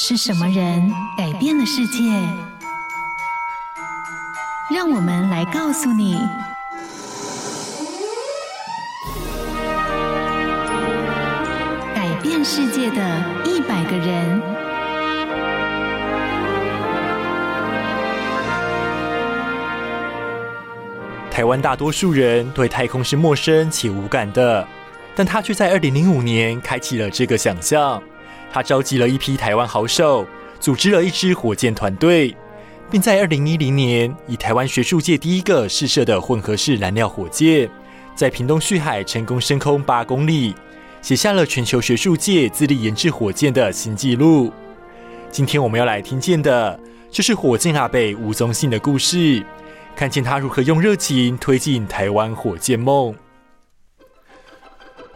是什麼人改變了世界？讓我們來告訴你：改變世界的一百個人。台灣大多數人對太空是陌生且無感的，但他卻在二零零五年開啟了這個想象。他召集了一批台灣好手，組織了一支火箭團隊，並在二零一零年以台灣學術界第一個試射的混合式燃料火箭，在屏東旭海成功升空八公里，寫下了全球學術界自力研制火箭的新紀錄。今天我們要來聽見的，就是火箭阿伯吳宗信的故事，看見他如何用熱情推進台灣火箭夢。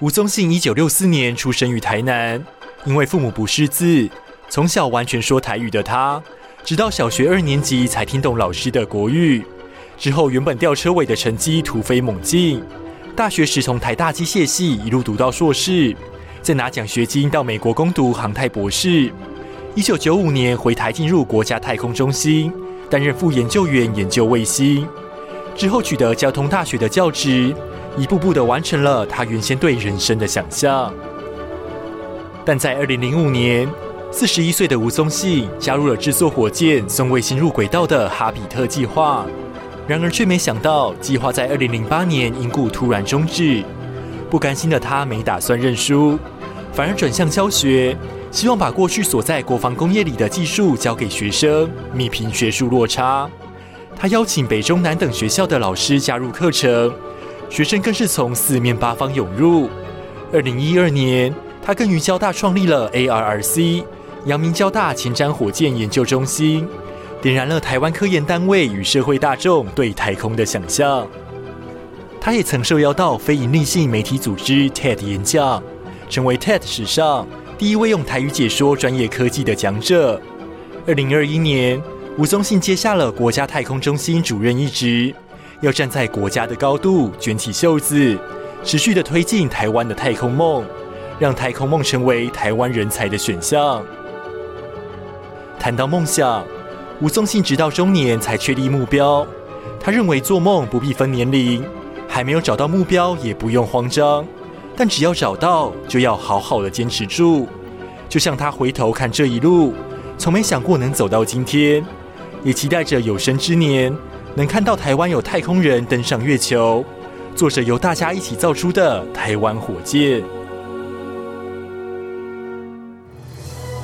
吳宗信一九六四年出生於台南。因為父母不識字，從小完全說台語的他，直到小學二年級才聽懂老師的國語。之後原本吊車尾的成績突飛猛進，大學時從台大機械系一路讀到碩士，再拿獎學金到美國攻讀航太博士。一九九五年回台進入國家太空中心，擔任副研究員研究衛星，之後取得交通大學的教職，一步步的完成了他原先對人生的想象。但在二零零五年，四十一歲的吳宗信加入了製作火箭送衛星入軌道的哈比特計劃，然而卻沒想到計劃在二零零八年因故突然終止。不甘心的他沒打算認輸，反而轉向教學，希望把過去所在國防工業裡的技術交給學生，弭平學術落差。他邀請北中南等學校的老師加入課程，學生更是從四面八方湧入。二零一二年。他更於交大創立了 ARRC，陽明交大前瞻火箭研究中心，點燃了台灣科研單位與社會大眾對太空的想象。他也曾受邀到非營利性媒體組織 TED 演講，成為 TED 史上第一位用台語解說專業科技的講者。二零二一年，吳宗信接下了國家太空中心主任一職，要站在國家的高度，捲起袖子，持續的推進台灣的太空夢。讓太空夢成為台灣人才的選項。談到夢想，吳宗信直到中年才確立目標。他認為做夢不必分年齡，還沒有找到目標也不用慌張，但只要找到就要好好的堅持住。就像他回頭看這一路，從沒想過能走到今天，也期待着有生之年能看到台灣有太空人登上月球，坐着由大家一起造出的台灣火箭。